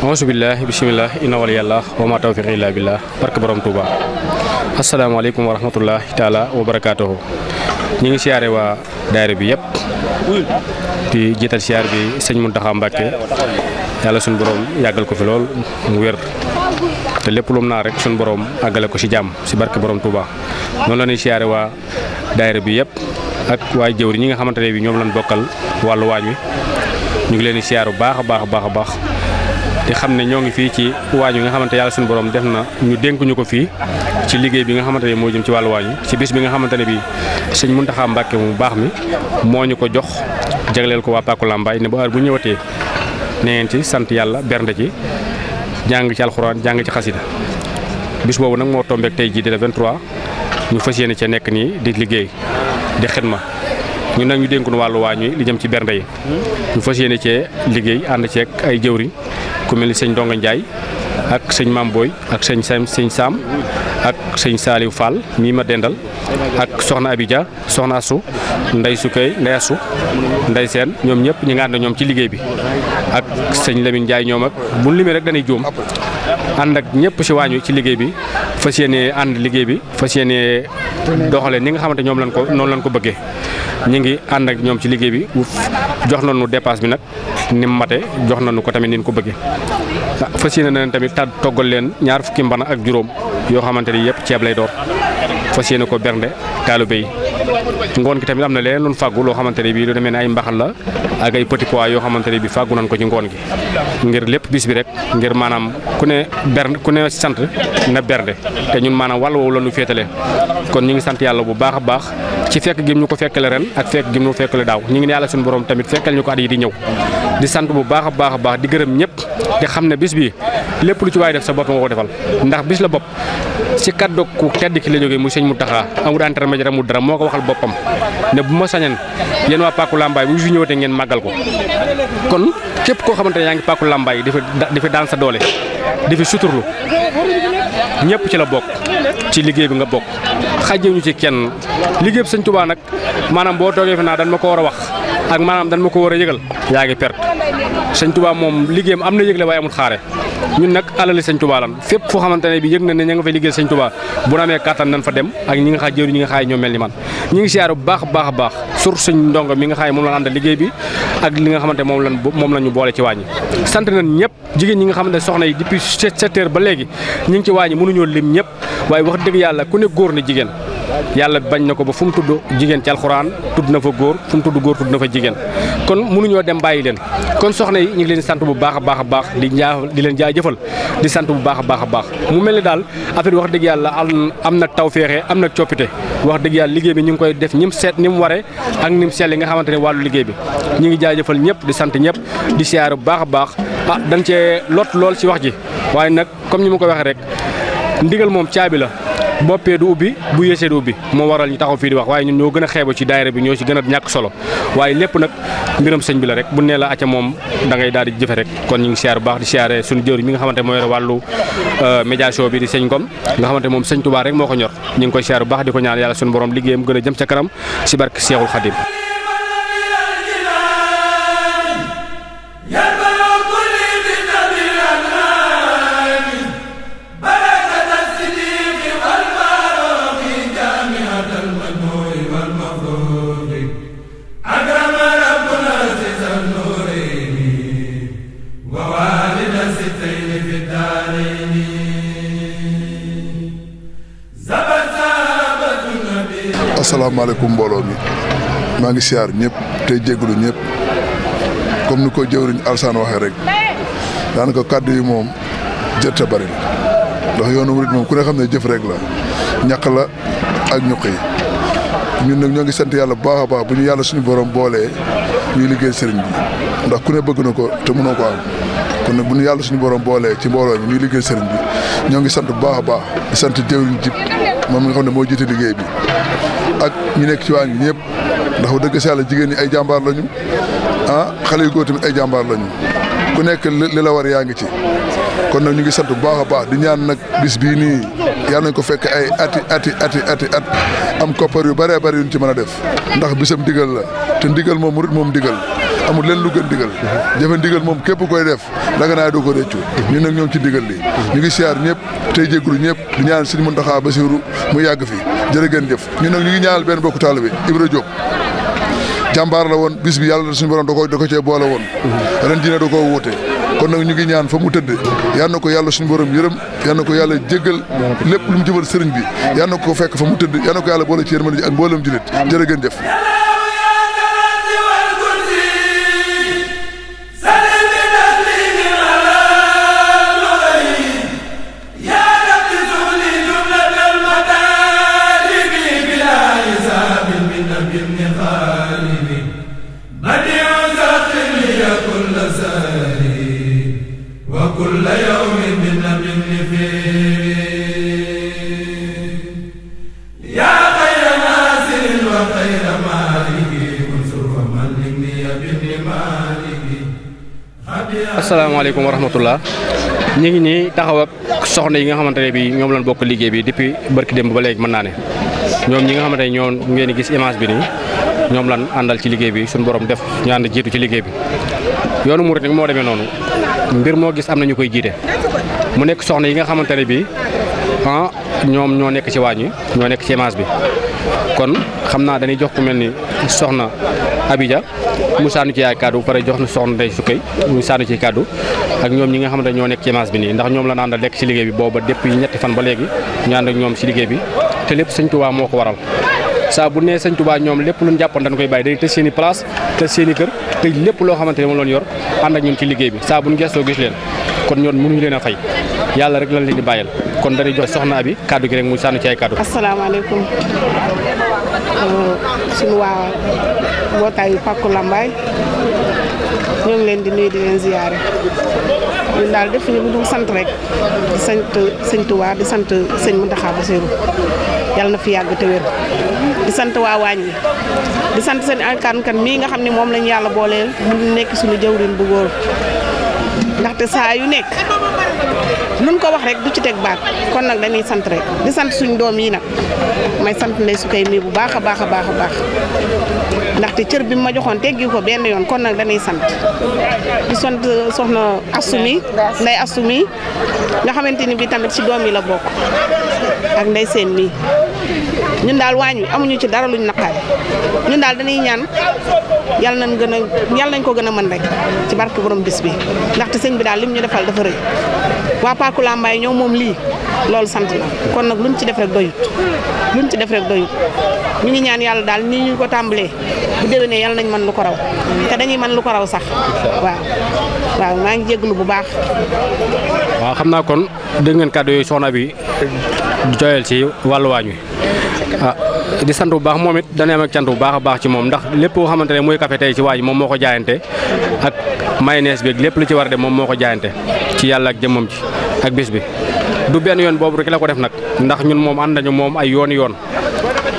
auzu billaahi bisimilah inna wal yàlla wa ma tawfiq illa billah barke borom Touba asalaamaaleykum wa rahmatullahi taala wa barakaatuhu ñu ngi siyaare waa daayira bi yëpp di jiital siyaar bi sëñ Muntaxa Mbàkke yàlla suñu borom yàggal ko fi lool mu wér te lépp lum naa rek suñu borom àggale ko si jàmm si barke borom Touba noonu la ñuy siyaare waa daayira bi yëpp ak waa jëwri ñi nga xamante ne bi ñoom lañ bokkal wàllu waañ wi ñu ngi leen di siyaar bu baax a baax a baax a baax. te xam ne ñoo ngi fii ci waañu nga xamante yàlla seen borom def na ñu dénk ko fii ci liggéey bi nga xamante ne moo jëm ci wàllu waañu ci bis bi nga xamante ne bi sëñ Muntaxa Mbàkke mu baax mi moo ñu ko jox jagleel ko waa Pàkku Lambaay ne bu heure bu ñëwatee na ngeen ci sant yàlla bernde ci jàng ci alxuraan jàng ci xasida bis boobu nag moo tombeek tey jii di la ñu fas yéene ca nekk nii di liggéey di xidma ñu nag ñu dénkoon wàllu waañ wi li jëm ci bernde yi ñu fas yéene cee liggéey ànd ceeg ay jëwriñ ku mel ni sëñ Ndonga Ndiaye ak sëñ Mam booy ak sëñ Sam sëñ Sam ak sëñ Saliou Fall mii ma dendal ak soxna Abidja soxna Assou Ndey Sukay Ndey Assou Ndey Seen ñoom ñëpp ñu ngi ànd ñoom ci liggéey bi ak sëñ Lamine njaay ñoom ak bu limee rek danay juum ànd ak ñëpp si wi ci liggéey bi fas yéenee ànd liggéey bi fas yéenee doxalee ni nga xamante ñoom lañ ko noonu lañ ko bëggee. ñu ngi ànd ak ñoom ci liggéey bi jox nañu dépasse bi nag ni mu mate jox nañu ko tamit ni ko bëggee ah, fas yéene na leen tamit ta toggal leen ñaar fukki mbana ak juróom yoo xamante ni yëpp ceeb lay doon fas yéene ko bernde taalibe yi ngoon gi tamit am na leen lu fàggu loo xamante ne bii lu demee ne ay mbaxal la ak ay petits yoo xamante ne bii fàggu nañ ko ci ngoon gi ngir lépp bis bi rek ngir maanaam ku ne bernde ku ne sant na bernde te ñun maanaam wàll woowu la ñu féetale kon ñu ngi sant yàlla bu baax a baax ci fekk gi ñu ko fekkale ren ak fekk gi mu fekk la daaw ñu ngi ne yàlla suñu borom tamit fekkal ñu ko at yi di ñëw di sant bu baax a baax a di gërëm ñëpp te xam ne bis bi lépp lu ci waay def sa bopp nga ko defal ndax bis la bopp ci kaddu ku tedd ki la jógee muy sëñ Mountakha amul intermédiaire amul dara moo ko waxal boppam ne bu ma sañan yéen waa Pàkku Lambaay bu ñu ñëwatee ngeen màggal ko kon képp koo xamante ne yaa ngi Pàkku Lambaay di fi daan sa doole di fi suturlu ñëpp ci la bokk ci liggéey bi nga bokk xajjewuñu ci kenn liggéey bi sëñ Tuubaa nag maanaam boo toogee fi naa dañ ma ko war a wax ak maanaam dañ ma ko war a yëgal yaa ngi perte sëñ Touba moom liggéeyam am na yëgle waaye amul xaare ñun nag alali sëñ Touba lan fépp foo xamante ne bi yëg nga fay liggéey sëñ Touba bu na amee kàttan nañ fa dem ak ñi nga xaay jëru ñi nga xaay ñoo mel man ñi ngi siyaaru baax baax baax sur sëñ ndongo nga xaay moom lan ànd liggéey bi ak li nga xamante moom lan moom la ñu boole ci wàññi sant nañ ñëpp jigéen ñi nga xamante ne soxna yi depuis sept heures ba léegi ñi ngi ci wàññi mënuñoo lim ñëpp waaye wax dëgg yàlla ku ne góor ne jigéen yàlla bañ na ko ba fu mu tudd jigéen ci alxuraan tudd na fa góor fu mu tudd góor tudd na fa jigéen kon mënuñoo dem bàyyi leen kon soxna yi ñu ngi leen sant bu baax baax a baax di jaa di leen jaajëfal di sant bu baax a baax a baax mu mel ni daal affaire wax dëgg yàlla am na tawféexe am na coppite wax dëgg yàlla liggéey bi ñu ngi koy def ñim seet ni mu waree ak ni mu sell nga xamante ne wàllu liggéey bi ñu ngi jaajëfal ñëpp di sant ñëpp di siyaar bu baax a baax ah dañ cee lot lool ci wax ji waaye nag comme ni ma ko waxee rek ndigal moom caabi la boppee du ubbi bu yéesee du ubbi moo waral ñu taxaw fii di wax waaye ñun ñoo gën a xeebo ci daayira bi ñoo ci gën a ñàkk solo waaye lépp nag mbiram sëñ bi la rek bu nee la acca moom da ngay daal di jëfe rek kon ñu ngi siyaar bu baax di siyaare suñu jëwriñ mi nga xamante moo wàllu euh, médiation bi di sëñ Ngom nga xamante moom sëñ Tuubaa rek moo ko ñor ñu ngi koy siyaar bu baax di ko ñaan yàlla suñu borom liggéeyam gën a jëm ca kanam si barke Seexul Xadim asalaamaaleykum mbooloo mi maa ngi siyaar ñëpp tey jégalu ñëpp comme ni ko jëwriñ Alsaan waxee rek daanaka kàddu yi moom jërta bari la ndax yoonu murit moom ku ne xam ne jëf rek la ñaq la ak ñuq yi ñun nag ñoo ngi sant yàlla bu baax bu ñu yàlla suñu borom boolee ñuy liggéey sëriñ bi ndax ku ne bëgg na ko te mënoo ko am kon nag bu ñu yàlla suñu borom boolee ci mbooloo mi ñuy liggéey sëriñ bi ñoo ngi sant bu baax a baax di sant jëwriñ jib moom nga xam ne moo jiite liggéey bi ak ñu nekk ci waañ bi ñëpp ndax dëgg si yàlla jigéen ñi ay jàmbaar lañu ah xale yu góor tamit ay jàmbaar lañu ku nekk li la war yaa ngi ci kon nag ñu ngi sant bu baax a baax di ñaan nag bis bii nii yàlla nañ ko fekk ay ati ati ati ati at am koppar yu bëree bëri yu ñu ci mën a def ndax bisam ndigal la te ndigal moom murit moom ndigal amul leen lu gën digal jëfe ndigal moom képp koy def da naa doo ko réccu ñu nag ñoom ci digal li ñu ngi siyaar ñëpp tey jéggulu ñëpp di ñaan Sëriñ Muntaxa Basiru mu yàgg fi jërë ngeen jëf ñu nag ñu ngi ñaanal benn bokku taalibe Ibra Diop jàmbaar la woon bis bi yàlla suñu borom da ko da ko cee boole woon ren dina da ko wuute kon nag ñu ngi ñaan fa mu tëdd yal na ko yàlla suñu borom yërëm yal na ko yàlla jéggal lépp lu mu jëmal sëriñ bi yal na ko fekk fa mu tëdd yal na ko yàlla boole ci yërmande ji asalaamaaleykum wa rahmatullah ñu ngi nii taxawa soxna yi nga xamante ne bii ñoom lañ bokk liggéey bi depuis barki démb ba léegi mën naa ne ñoom ñi nga xamante ne ñoo ngeen gis image bi nii ñoom lan àndal ci liggéey bi suñu borom def ñu ànd jiitu ci liggéey bi yoonu murit nag moo demee noonu mbir moo gis am na ñu koy jiite mu nekk soxna yi nga xamante ne bii ah ñoom ñoo nekk ci waañ ñoo nekk ci image bi kon xam naa dañuy jox ku mel ni soxna abija mu saanu ci ay kaddu pare jox na soxna Ndeye Soukey mu saanu ci kaddu ak ñoom ñi nga xamante ñoo nekk ci image bi ba léegi ñu ànd ak ñoom si liggéey bi i place tëj seen i kër tëj lépp loo xamante ne moom loon yor ànd ak ñun ci liggéey bi saa buñ gestoo gis leen a rek mu sànnu ci ay kaddu asalaamaaleykum suñu waa mbootaayu pàkku Lambaay ñoo ngi leen di nuyu di leen ziyaare ñun daal def ñu dul sant rek di sant sëñ Tuubaa di sant sëñ Muntaxa Basiru yàlla na fi yàgg te wér di sant waa waañ yi di sant seen alkaankan mii nga xam ne moom lañu yàlla booleel mu nekk suñu jëwriñ bu góor ndaxte saa yu nekk luñ ko wax rek du ci teg baat kon nag dañuy sant rek di sant suñ doom yi nag may sant ndey su koy mii bu baax a baax a baax a baax ndaxte cër bi ma joxoon teggi ko benn yoon kon nag dañuy sant di sant soxna Asumi nday Asumi nga xamante ni bi tamit ci doom yi la bokk ak nday seen mii ñun daal waañ wi amuñu ci dara luñ naqaari ñun daal dañuy ñaan yal nañ gën a yal nañ ko gën a mën rek ci barke borom bis bi ndax sëñ bi daal lim ñu defal dafa rëy waa Paaku Lambaay ñoom moom lii loolu sant la kon nag luñ ci def rek doyut luñ ci def rek doyut ñu ngi ñaan yàlla daal nii ñu ko tàmbalee bu déwénee yal nañ man lu ko raw te dañuy mën lu ko raw sax waaw waaw maa ngi jégalu bu baax. waaw xam naa kon dégg ngeen kàddu yooyu soxna bi. jooyal ci wàllu waañ wi ah di sant bu baax moom it dana am ak bu baax a baax ci moom ndax lépp koo xamante ne muy café tey ci waañ moom moo ko jaayante ak mayonnaise bi lépp lu ci war de moom moo ko jaayante ci yàlla ak jëmmam ci ak bis bi du benn yoon boobu rek la ko def nag ndax ñun moom ànd nañu moom ay yoon yoon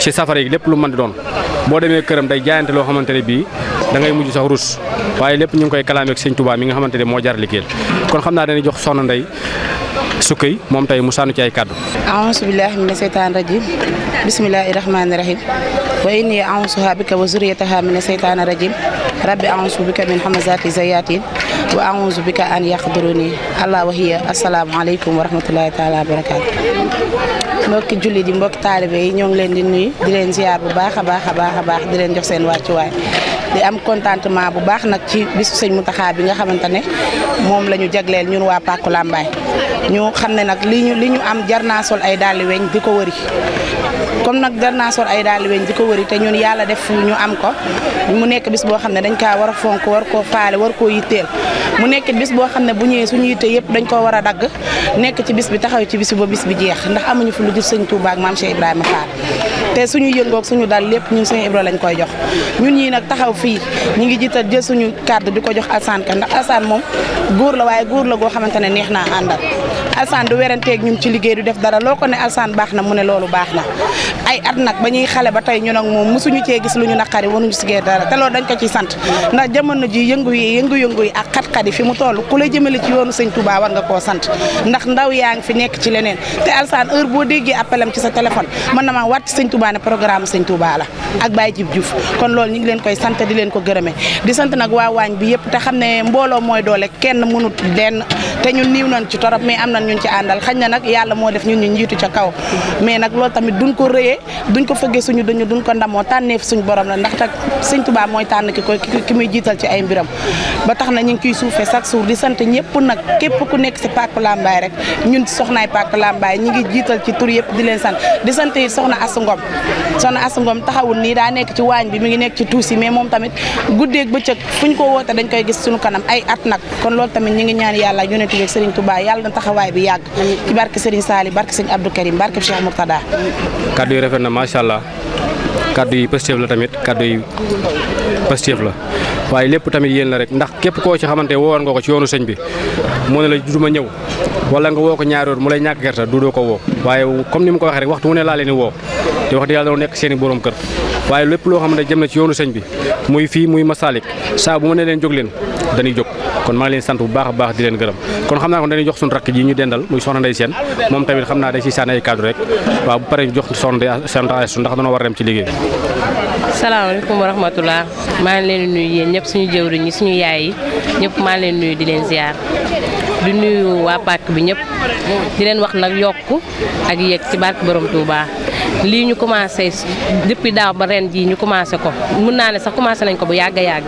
ci safara yi lépp lu mën di doon boo demee këram day jaayante loo xamante ne bii dangay ngay mujj sax rus waaye lépp ñu ngi koy kalaamee ak sëñ Tuubaa nga xamante ne moo jar liggéeyal kon xam naa dañuy jox soxna Ndey sukkay moom tey mu sànnu ci ay kàddu aousu billahi mina seytaan rajim bismillahi rahmani rahim wa inni aousuha bika wa zuriyataha mina seytaan rajim rabbi aousu bika min hamazati zayatin wa aousu bika an yaqduruni allah wa assalaamu aleykum wa rahmatullahi taala wa mbokki julli di mbokki taalibe ñoo ngi leen di nuyu di leen ziar bu baax a baax a baax a di leen jox seen wàccuwaay di am contentement bu baax nag ci bis bisu sëñ Mountakha bi nga xamante ne moom la ñu jagleel ñun waa Pàkku Lambaay ñu xam ne nag li ñu li ñu am jar naa sol ay dàlli weñ di ko wëri comme nag jar naa sol ay dàlli weñ di ko wëri te ñun yàlla def ñu am ko mu nekk bis boo xam ne dañ kaa war a fonk war koo faale war koo yitteel mu nekk bis boo xam ne bu ñëwee suñu yitte yëpp dañ koo war a dagg nekk ci bis bi taxaw ci bis bi ba bis bi jeex ndax amuñu fu lu jëf sëñ Touba ak maam suñu yëngoog suñu dal lépp ñun sëñ Ibra lañ koy jox fii ñu ngi jiital jël suñu carte di ko jox Assane Ka ndax Assane moom góor la waaye góor la goo xamante ne neex naa àndal Alsaan du weranteeg ñun ci liggéey du def dara loo ko ne Alsaan baax na mu loolu baax na ay at nag xale ba tey ñun ak moom mosuñu cee gis lu ñu naqari wanuñu si gee dara te loolu dañ ko ci sant ndax jamono ji yëngu yi yëngu-yëngu yi yi fi mu toll ku lay jëmale ci yoonu sëñ Touba war nga koo sant ndax ndaw yaa ngi fi nekk ci leneen te Alsaan heure boo déggee appelam ci sa téléphone mën na maa wat ci sëñ Touba ne programme sëñ Touba la ak Baye Jib Diouf kon loolu ñu ngi leen koy sant di leen ko gërëme di sant nag waa waañ bi yëpp te xam ne mooy doole kenn mënut lenn te ñun niiw am nañ ñun ci àndal xañ na nag yàlla moo def ñun ñu njiitu ca kaw mais nag loolu tamit ko rëyee duñ ko fëggee suñu dañu duñ ko ndamoo tànneef suñu borom la ndax tak sëñ Tuubaa tànn muy jiital ci ay mbiram ba tax na ñu ngi ciy suufee chaque jour di sant ñëpp nag képp ku nekk si Pàkku Lambaay rek ñun soxnaay Pàkku Lambaay ngi jiital ci tur yëpp di leen sant sant it soxna Asu Ngom soxna Asu nekk waañ bi mi ngi nekk ci tuusi mais moom tamit guddeeg ñu ko woote dañ koy gis suñu kanam ay at kon loolu tamit ñi ngi ñaan yàlla yonent bi Sëriñ Tuubaa na taxawaay bi bi yàgg ci barke Serigne Sali barke Serigne Abdou Karim barke Cheikh Mourtada kaddu yi rafet na macha allah kaddu yi positif la tamit kaddu yi positif la waaye lépp tamit yéen la rek ndax képp koo ci xamante woowoon nga ko ci yoonu sëñ bi moo ne la du ma ñëw wala nga woo ko ñaari yoon mu lay ñàkk gerte du doo ko woo waaye comme ni mu ko waxee rek waxtu mu ne laa leen woo te wax di yàlla doon nekk seeni i borom kër waaye lépp loo xam ne jëm na ci yoonu sëñ bi muy fii muy Masalik saa bu ne leen jóg leen dañuy jóg kon maa ngi leen sant bu baax a baax di leen gërëm kon xam naa kon dañuy jox suñu rakk ji ñu dendal muy soxna Ndey Seen moom tamit xam naa day si sànni ay kaddu rek waaw bu paree jox soxna Ndey Seen ndax dañoo war a dem ci liggéey salaamaaleykum wa rahmatulah maa ngi leen di nuyu yéen ñëpp suñu jëwriñ ñi suñu yaay yi ñëpp maa leen nuyu di leen ziar di nuyu waa pàkk bi ñëpp di leen wax nag yokk ak yéeg ci barke borom Touba. lii ñu commencé depuis daaw ba ren jii ñu commencé ko mun naa ne sax commencé nañ ko bu yàgg a yàgg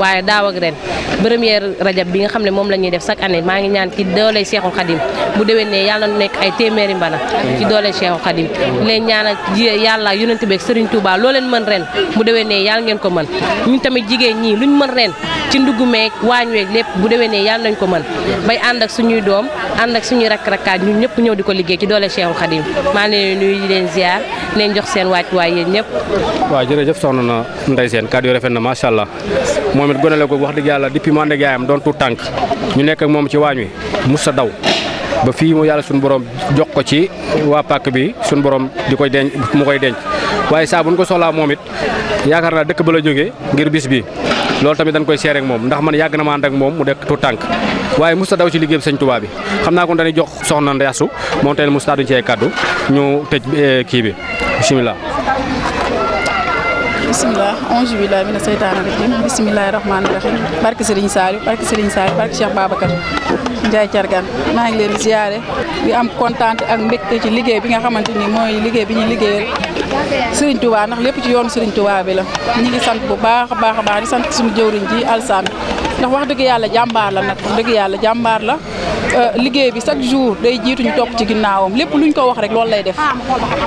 waaye daaw ak ren première rajab bi nga xam ne moom la ñuy def chaque année maa ngi ñaan ci doole Cheikhul Khadim bu déwén ne yàlla na nekk ay téeméeri mbana ci doole Cheikhul Khadim leen ñaanal yàlla yonent beeg Serigne Touba loo leen mën ren bu déwén ne yàlla ngeen ko mën ñun tamit jigéen ñi luñ mën ren ci ndugg meeg waañ weeg lépp bu déwén ne yàlla nañ ko mën bay ànd ak suñuy doom ànd ak suñuy rakk-rakkaat ñun ñëpp ñëw di ko liggéey ci doole Cheikhul Khadim maa ngi leen leen ziar leen jox seen waaj wàccuwaay yéen ñëpp. waaw jërëjëf soxna na Ndeye Sène kàddu yu rafet na macha allah moom it gone la ko wax dëgg yàlla depuis mu ànd yaayam doon tuut tànk ñu nekk ak moom ci waañ wi musa daw. ba fii mu yàlla suñu borom jox ko ci waa pàkk bi suñu borom di ko denc mu koy denc waaye saa bu ko soxlaa moom it yaakaar naa dëkk ba la jóge ngir bis bi loolu tamit dañ koy seere ak moom ndax man yàgg na ma ànd ak moom mu dekk tout tànk waaye musta daw ci liggéey bi sëñ Tuubaa bi xam naa kon dañuy jox soxna Ndeyaasu moom tamit musta duñ ci ay kàddu ñu tëj eh, kii bi bisimilah. bisimilah onze billahi mina seytaana rajim bisimilahi rahmaani rahim barke Serigne Saliou barke Serigne Saliou barke Cheikh Babacar Ndiaye Thiargane maa ngi leen di ziare bi am kontaan ak mbégte ci liggéey bi nga xamante ni mooy liggéey bi ñuy liggéey Serigne Touba nax lépp ci yoon Serigne Touba bi la ñu ngi sant bu baax a baax baax di sant suñu jëwriñ ji Alsaan ndax wax dëgg yàlla jàmbaar la nag wax dëgg yàlla jàmbaar la Euh, liggéey bi chaque jour day jiituñu ñu topp ci ginnaawam lépp lu luñ ko wax rek loolu lay def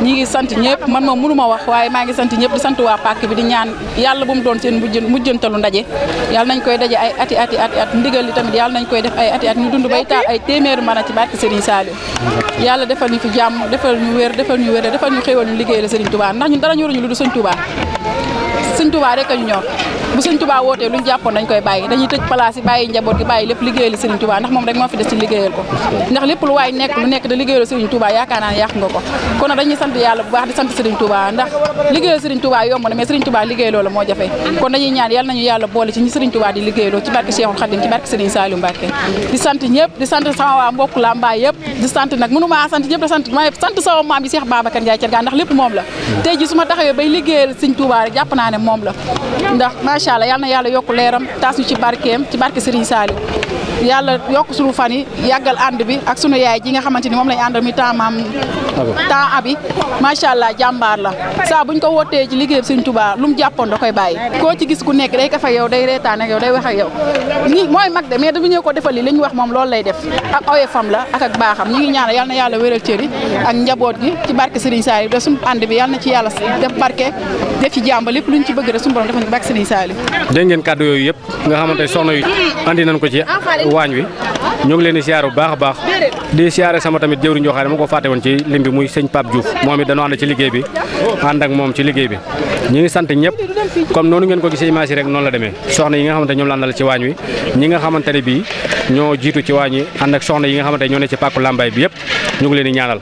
ñi ngi sant ñëpp man moom mënu wax waaye maa ngi sant ñëpp di sant waa pàkk bi di ñaan yàlla bu mu doon seen mujj mujjantalu ndaje yàlla nañ koy daje ay ati ati ati at ndigal li tamit yàlla nañ koy def ay ati at ñu dund bay taal ay téeméeri mën a ci barke Serigne Saliou yàlla defal ñu fi jàmm defal ñu weer defal ñu weer defal ñu xéwal ñu liggéey la Serigne Touba ndax ñun dara ñoruñu lu du Serigne Touba Serigne Touba rek a ñu ñor bu sëñ Touba wootee lu ñu jàppoon dañ koy bàyyi dañuy tëj place yi bàyyi njaboot gi bàyyi lépp liggéeyal li sëriñ ndax moom rek moo fi da liggéeyal sëriñ Touba yaakaar nga ko kon dañuy sant yàlla bu baax di sant sëriñ Touba di liggéeyloo ci barke Cheikhul di sant ñëpp di sant sama waa mbokk Lambaay yëpp di sant nag mënuma sant ñëpp da sant ma sant sama maam yi Cheikh Babacar Ndiaye Thiergane ndax lépp moom la tey ji su ma taxawee bay liggéeyal sëriñ Touba la ndax macha allah yal na yàlla yokk leeram taas ñu ci barkeem ci barke Serigne Saliou yàlla yokk suñu fan yi yàggal ànd bi ak sunu yaay ji nga xamante ni moom lañ àndal mi temps maam abi macha jàmbaar la saa buñ ko wootee ci liggéey bi Sëñ Tuubaa lu mu jàppoon da koy bàyyi koo ci gis ku nekk day kafa yow day reetaan ak yow day wax ak yow ñi mooy mag de mais dafa ñëw ko defal li li wax moom loolu lay def ak oye fam la ak ak baaxam ñi ngi ñaanal yal na yàlla wéral cër yi ak njaboot gi ci barke Sëriñ Saali da na ci yàlla def barke def ci jàmba lépp luñ ci bëgg rek suñu borom defal ngeen kàddu yooyu waañ wi ñoo ngi leen di bu baax a baax di siyaare sama tamit jëwriñ joo xam ne ma ko fàtte woon ci lim bi muy sëñ Pape Diouf moom it dañoo ànd ci liggéey bi ànd ak moom ci liggéey bi ñi ngi sant ñëpp comme noonu ngeen ko gisee image yi rek noon la demee soxna yi nga xamante ñoom la àndal ci waañ wi ñi nga xamante ne bii ñoo jiitu ci waañ wi ànd ak soxna yi nga xamante ñoo ne ci pàkku làmbaay bi yëpp ñu ngi leen di ñaanal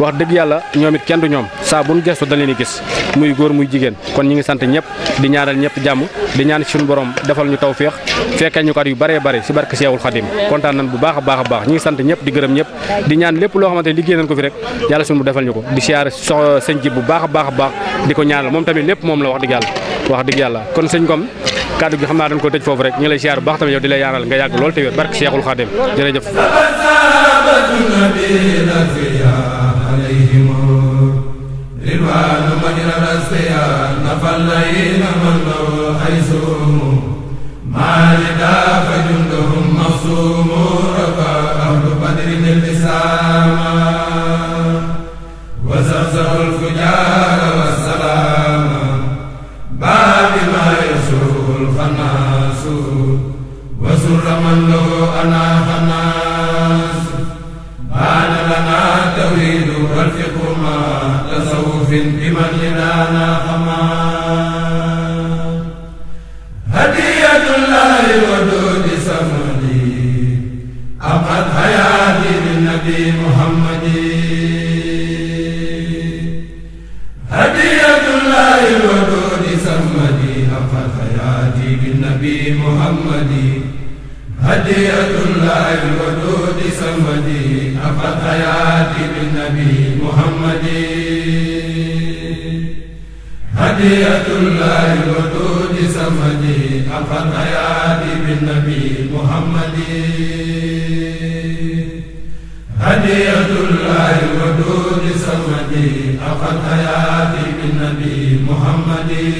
wax dëgg yàlla ñoom it kenn du ñoom saa buñ gestu dañ leen di gis muy góor muy jigéen kon ñi ngi sant ñëpp di ñaanal ñëpp jàmm di ñaan ci suñu borom defal ñu taw féex fekkal ñu kat yu bëree bëri si barke Seexul Xadim kontaan nañ bu baax a baax a baax ñi ngi sant ñëpp di gërëm ñëpp di ñaan lépp loo xamante ne liggéey nañ ko fi rek yàlla suñu bu defal ñu ko di siyaar sox sëñ ji bu baax a baax a baax di ko ñaanal moom tamit lépp moom la wax dëgg yàlla wax dëgg yàlla kon sëñ Ngom kàddu xam naa dañ ko foofu rek ñu lay siyaar bu baax tamit yow di الرحمن من الأسيان فالليل من له حيثهم ما لدى فجندهم مصوم رفع أهل بدر الإسلام وزرزر الفجار محمد هدية لا الودود سمدي أفت حياتي بالنبي محمد هدية لا الودود سمدي أفت حياتي بالنبي محمد هدية لا الودود سمدي أفت حياتي بالنبي محمد